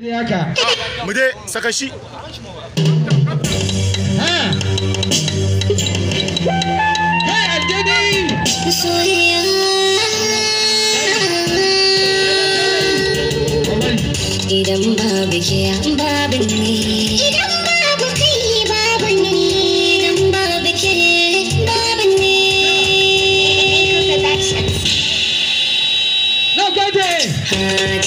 mu dai saka shi Idan babu ke babin ne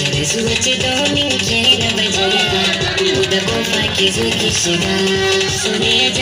सूरज दोनी के रब जलगा मुद को फाके जो किशगा सुने जा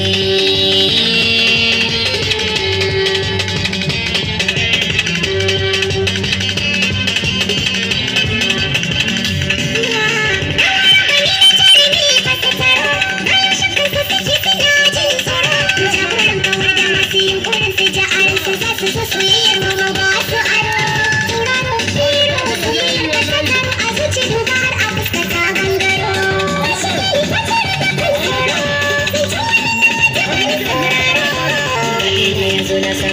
جعلت جسد تصوير ومضات أروح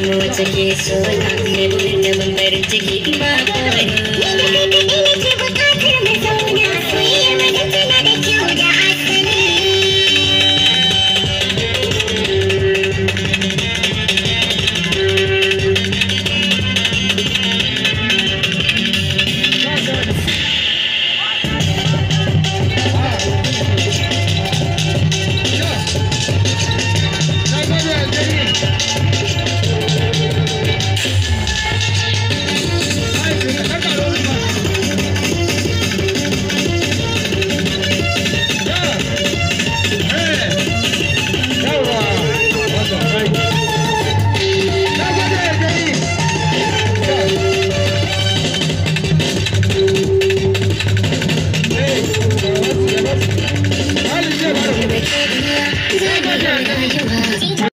సమోచకి సోనా నిన్న మందరించకి మా కోరిన 大丈夫大丈